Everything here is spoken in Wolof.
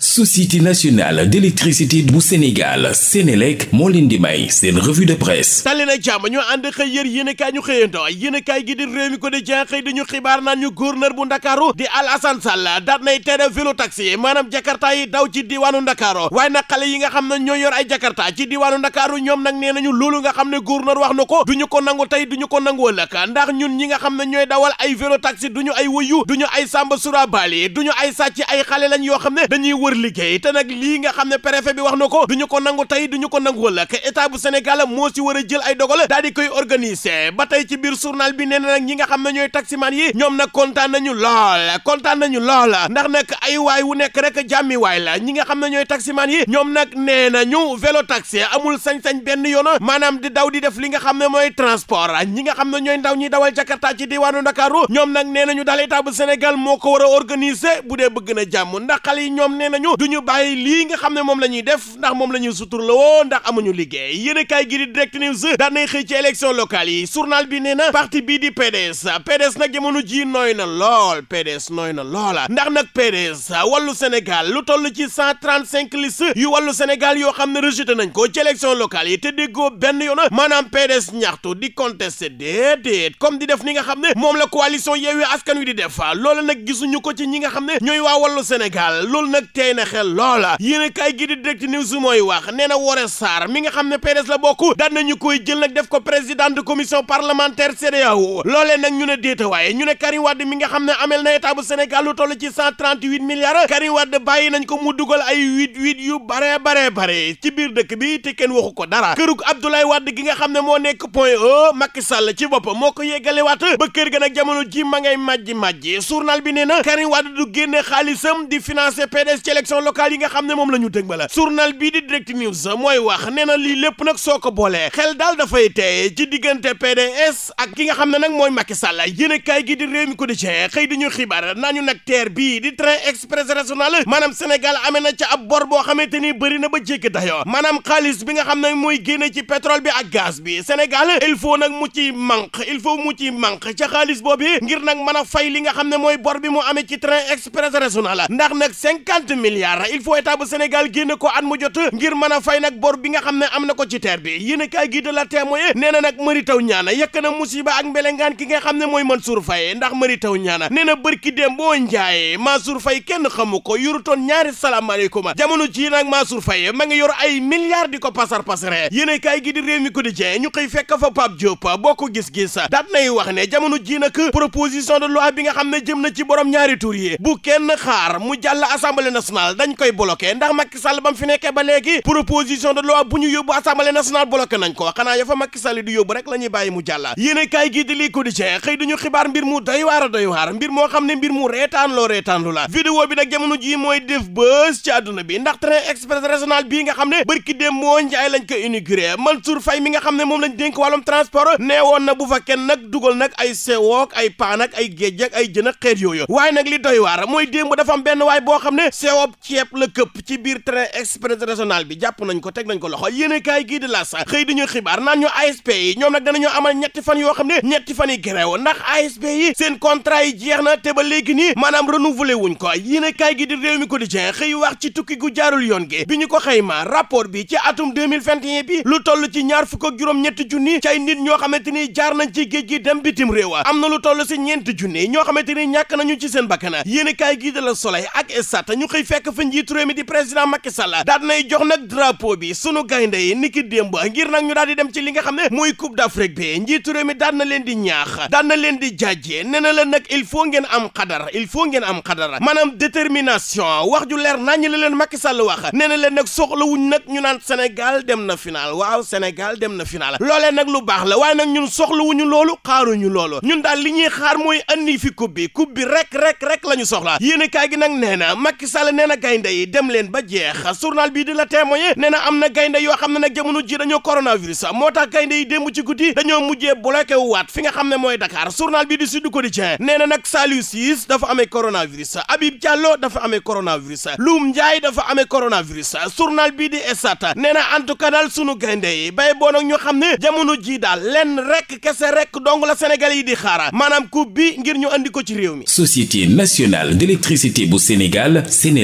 société nationale d'électricité bu Sénégal Sénélec moo leen di may seen revue de presse tàlli na jàmm ñu ànd xëy yër yéenekaay ñu xëyantoo yéenekaay gi di réew mi ko di jenxëy dañu xibaar naan ñu gouverneur bu ndakaaru di Alassane Sall daat nay tere vélo taxi maanaam jakarta yi daw ci diiwaanu ndakaaru xale yi nga xam ne ñoo yor ay jakarta ci diiwaanu ndakaaru ñoom nag nee nañu loolu nga xam ne gouverneur wax na ko duñu ko nangu tey duñu ko nangu ëllëg ndax ñun ñi nga xam ne ñooy dawal ay vélo taxi duñu ay wuyu duñu ay samba sura baali duñu ay sàcc ay xale lañ yoo xam wër liggéey te nag lii nga xam ne préfet bi wax na ko du ñu ko nangu tey du ñu ko nangu ëllëg état bu moo a tey ci biir journal bi nee na nag ñi nga xam ne ñooy taximaan yi ñoom nag kontaan nañu lool kontaan nañu lool ndax nag ay waay wu nekk rek jàmmi waay la ñi nga xam ne ñooy taximaan yi ñoom nag nee nañu vélo taxi amul sañ-sañ benn yoon maanaam di daw di def li nga xam ne mooy transport ñi nga xam ne ñooy ndaw ñi dawal Jakarta ci diwaanu Ndakaaru ñoom nag nee nañu daal état bu Sénégal moo ko war a organiser bu dee bëgg na jàmm ndax xale yi ñoom nee nañu du bàyyi lii nga xam ne moom la ñuy def ndax moom la ñuy suturloo ndax amuñu liggéey yéen gi di direct news daan xëy ci élection locale yi surnal bi nee na parti bii di PDS PDS nag jamono ji nooy na lool PDS nooy na loola ndax nag PDS wàllu Sénégal lu toll ci cent trente cinq liste yu wàllu senegal yoo xam ne rejeté nañ ko ci élection locale yi te déggoo benn yoona maanaam PDS ñaxtu di contesté déedéet comme di def ni nga xam ne moom la coalition Yewwi Askan Wi di def loolu nag gisuñu ko ci ñi nga xam ne ñooy waa wàllu Sénégal loolu nag tey na xel loola yéen a kaay gi di direct news mooy wax nee na Woré Sarr mi nga xam ne PDS la bokk daan nañu koy jël nag def ko président de commission parlementaire CEDEAO loolee nag ñu ne déeta waaye ñu ne Karim Wade mi nga xam ne amel na état Sénégal lu toll ci cent trente-huit bàyyi nañ ko mu dugal ay huit huit yu bare bare bare ci biir dëkk bi te kenn waxu ko dara kërug Abdoulaye Wade gi nga xam ne moo nekk point e Macky Sall ci boppam moo ko yeggalewaat élection locale yi nga xam ne moom la ñu dëgmal journal bii di direct mooy wax nee na lii lépp nag soo ko boolee xel daal dafay tey ci diggante PDS ak ki nga xam ne nag mooy Macky Sall yéen kaay gii di réew mi ko di cee xëy di ñu xibaar naa ñu nag TER bii di train express régional maanaam Sénégal amee na ci ab bor boo xamante ni bëri na ba jéggi dayoo maanaam xaalis bi nga xam ne mooy génne ci pétrole bi ak gaz bi Sénégal il faut nag mu ci manque il faut mu ci manque ca xaalis ngir nag mën a fay li nga xam ne mooy bor bi mu amee ci train express régional ndax nag milliards il faut état bu Sénégal génn ko at mu jot ngir mën a fay nag bor bi nga xam ne am na ko ci terre bi yéen a kaay gi de la témoin nee na nag mari taw ñaana yëkk na musiba ak mbelengaan ki nga xam ne mooy Mansour Faye ndax mari taw ñaana nee na bërki dem boo ma Mansour Faye kenn xamu ko yorutoon ñaari salaamaaleykum jamono ci nag Mansour Faye ma ngi yor ay milliards di ko pasar pasare yéen a kaay gi di réew mi ko di jee ñu koy fekk fa Pape Diop bokk gis-gis daat nay wax ne jamono ji nag proposition de loi bi nga xam ne jëm na ci borom ñaari tur bu kenn xaar mu jàll assemblée nationale nationale dañ koy bloqué ndax Macky Sall ba mu fi nekkee ba léegi proposition de loi bu ñu yóbbu assemblée nationale bloqué nañ ko xanaa ya fa Macky Sall yóbbu rek la ñuy bàyyi mu jàll yéene kaay gii di lii quotidien xëy duñu xibaar mbir mu doy waar a doy waar mbir moo xam ne mbir mu reetaan loo reetaan lu la vidéo bi nag jamono ji mooy def bës ci àdduna bi ndax train express régional bii nga xam ne bërki dém moo njaay lañ ko inauguré Mansour Faye mi nga xam ne moom lañ dénk wàllum transport nee woon na bu fa kenn nag dugal nag ay sewook ay paan ak ay géej ay jën xeet yooyu waaye nag li doy waar mooy démb dafa am benn waay boo xam ne sewo soob ceeb la këpp ci biir train express régional bi jàpp nañ ko teg nañ ko loxo yéen kaay gii di las xëy di ñu xibaar naan ñu ASP yi ñoom nag danañoo gi bi ñu ak ni jaar nañ ci estat ñu xëy fekk fa njiitu réew mi di président Macky Sall daal nay jox nag drapeau bi sunu gaynde yi niki démb ngir nag ñu daal di dem ci li nga xam ne mooy coupe d'Afrique bi njiitu réew na leen di ñaax daal na leen di jaajee nee na la nag il faut ngeen am xadar il faut ngeen am xadar maanaam détermination wax ju leer naññ la leen Macky Sall wax nee na leen nag soxlawuñ nag ñu naan Sénégal dem na final waaw Sénégal dem na final loolee nag lu baax la waaye nag ñun soxlawuñu loolu xaaruñu loolu ñun li ñuy xaar mooy andi fi rek rek rek la ñu nee na gaynde yi dem leen ba jeex journal bii di la témoigner nee neena am na gaynde yoo xam ne nag jamono ji dañoo coronavirus moo tax gaynde yi démb ci guddi dañoo mujjee bloqué waat fi nga xam ne mooy Dakar surnal bii di Sud Quotidien nee na nag Saliou Ciss dafa amee coronavirus Habib Diallo dafa amee coronavirus Loum Ndiaye dafa amee coronavirus journal bii di Stades nee na en tout daal sunu gaynde yi bay boo nag ñoo xam ne jamono jii daal lenn rek kese rek dong la Sénégal yi di xaara maanaam coupe bi ngir ñu andi ko ci réew mi société nationale d'électricité bu Sénégal Sénégal